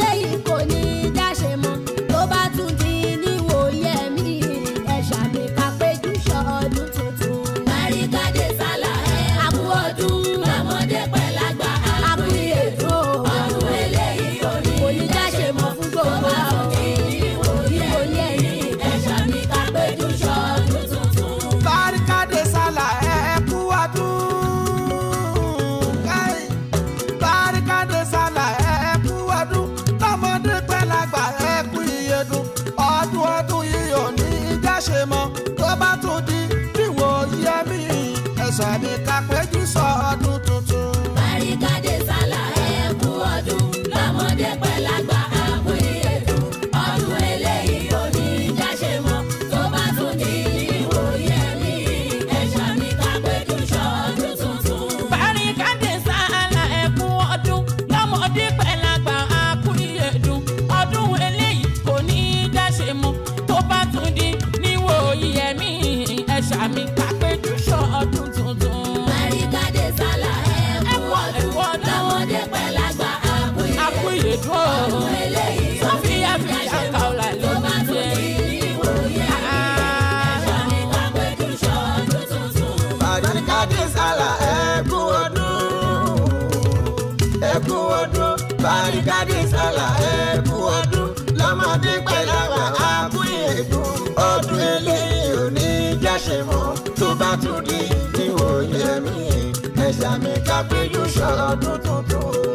Leila. Sátúndé tí ò yẹ mí ẹ̀ṣà mi ká péjú ṣọ̀rọ̀ tuntun tó.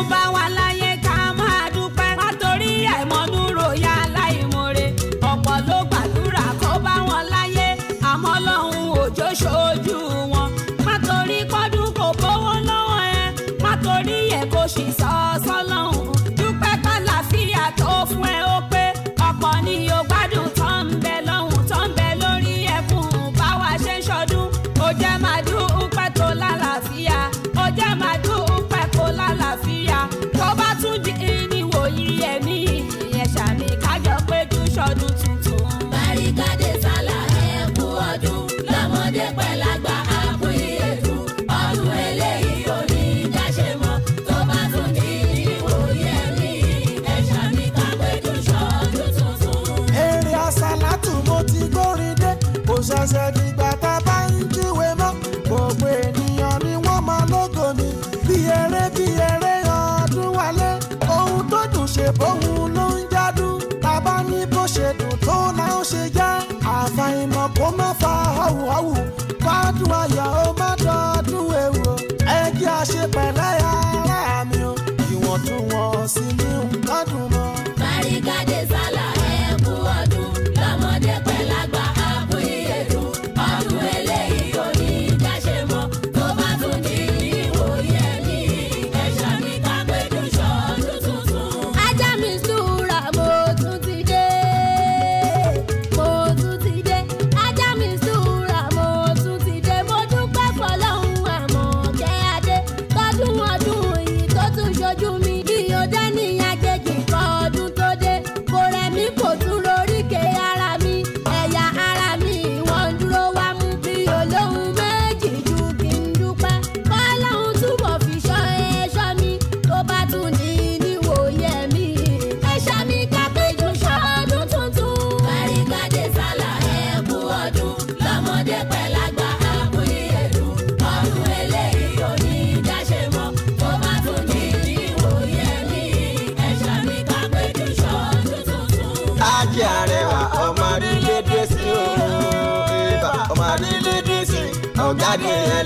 tọ́lọ́run bá wà láyé ká máa dúpẹ́ ká torí àìmọ́dún ròyà aláìmoore ọ̀pọ̀ ló gbàdúrà kó bá wọn láyé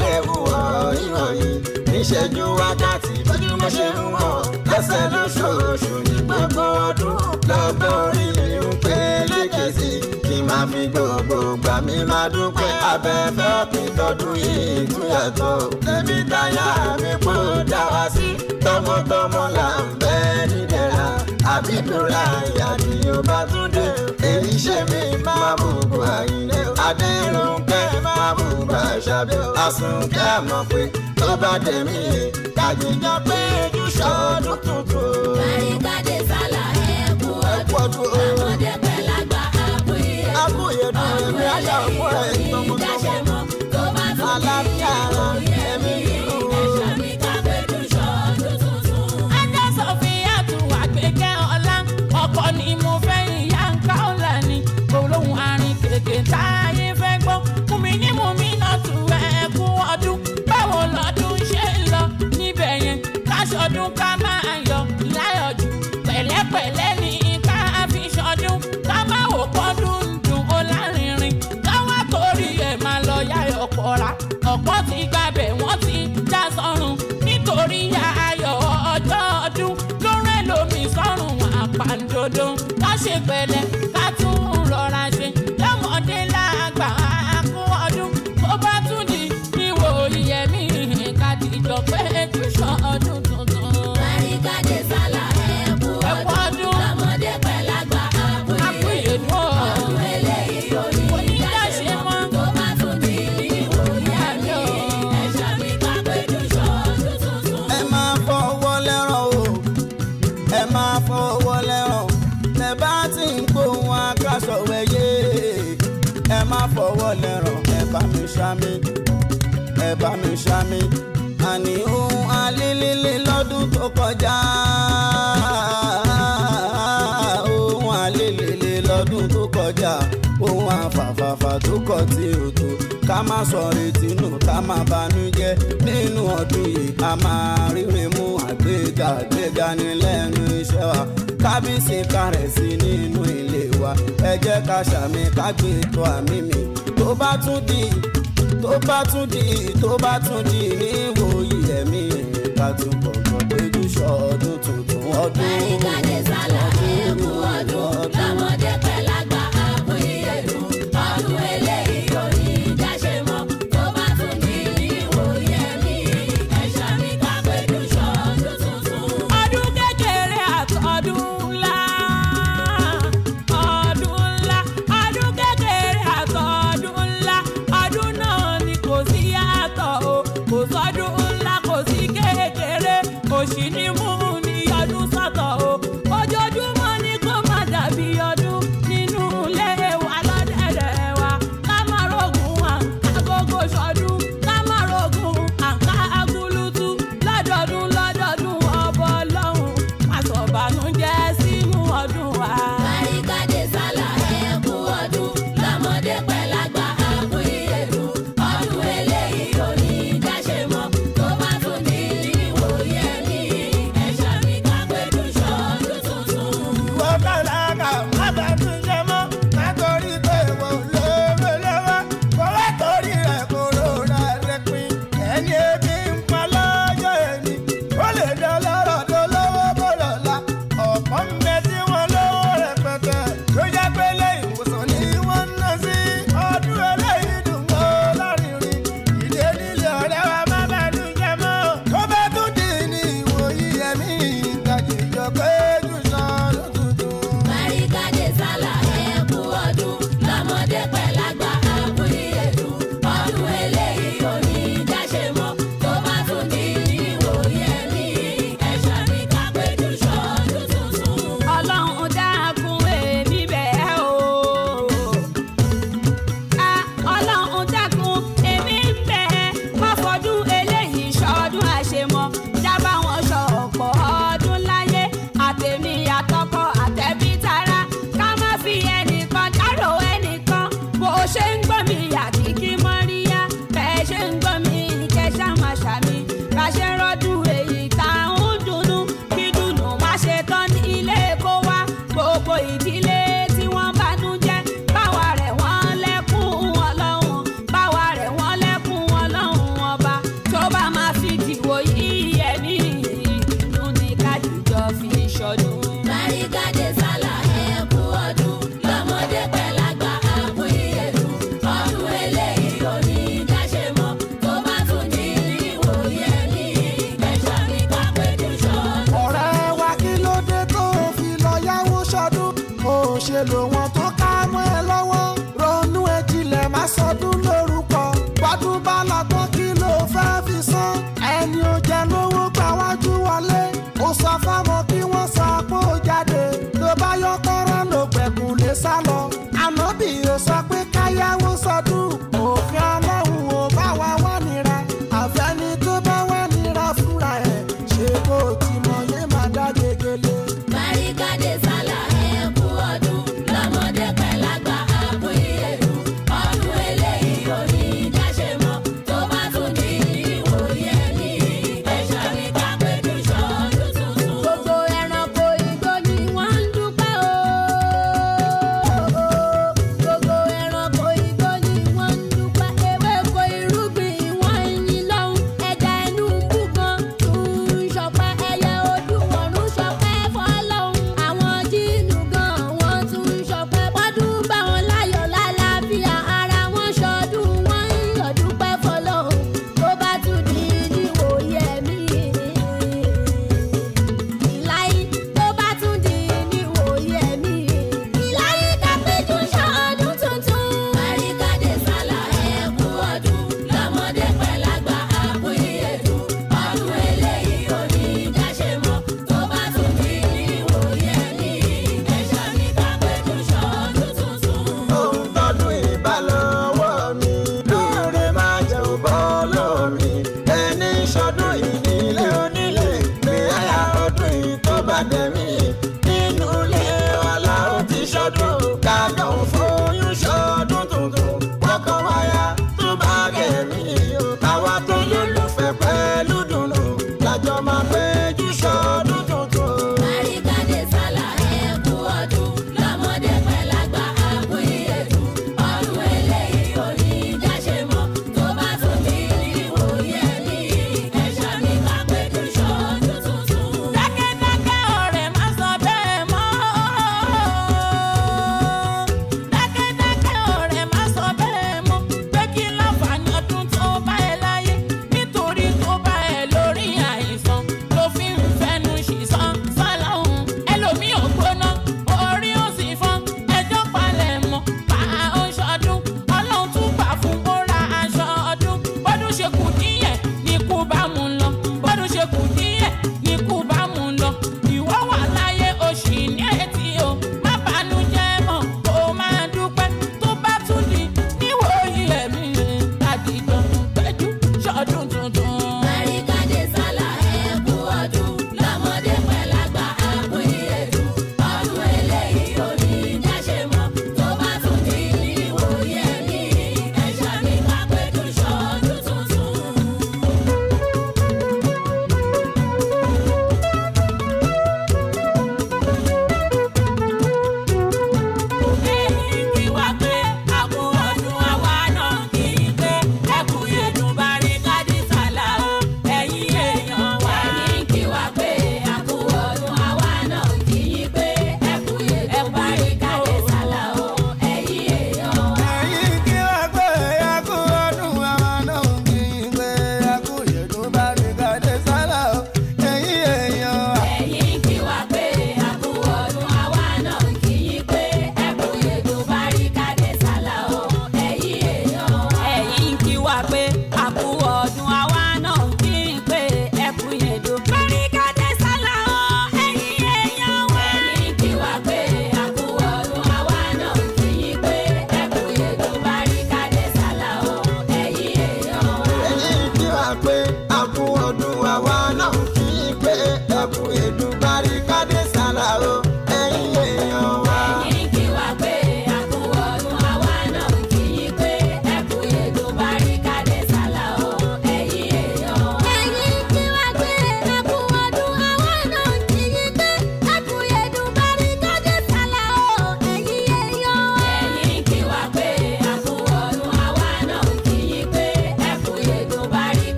léwu ọ ìròyìn níṣẹ́jú wákàtí lójúmọ́ ṣe ń wọ̀ lọ́sẹ̀ lóṣooṣù ni. gbogbo gbà mí ládùúpẹ́ abẹ́fẹ́ mi tọdún yìí ìtúyàtọ̀ tẹ̀mí táyà mi kó dá wa sí tọmọtọmọ là ń bẹ nídẹ̀ra àbídúrà yàtì yorùbá tún dé èyí ṣe mí máa mú bu àyìnlé adéròǹkẹ́ máa mú bàṣà bẹ́ẹ̀ àsùnkẹ́ mọ̀ pé tó bá tẹ̀mí yẹn tàbí jọ pé ojúṣọ́. òdodo ká ṣe pẹ̀lú. kọjá ohun àlelèlè lọ́dún tó kọjá ohun àfàfàfà tó kọ tí ò tó ká má sọ retí nù ká má banújẹ́ nínú ọdún yìí a máa ríre mú àgbéga àgbéga ní lẹ́nu iṣẹ́ wa kábíyèsí kárẹ̀ sí nínú ilé wa ẹ jẹ́ ká ṣàmì ká gbé ètò àmì mi tó bá tún di tó bá tún di tó bá tún di ní ìwòyí ẹ̀mí ká tún bọ̀.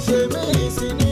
você me ensinou.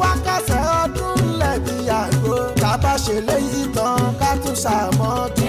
wákàtí ọdún lẹ̀bi àgbo. tá a bá ṣe léyìí tán ká tún ṣàmọ́tò.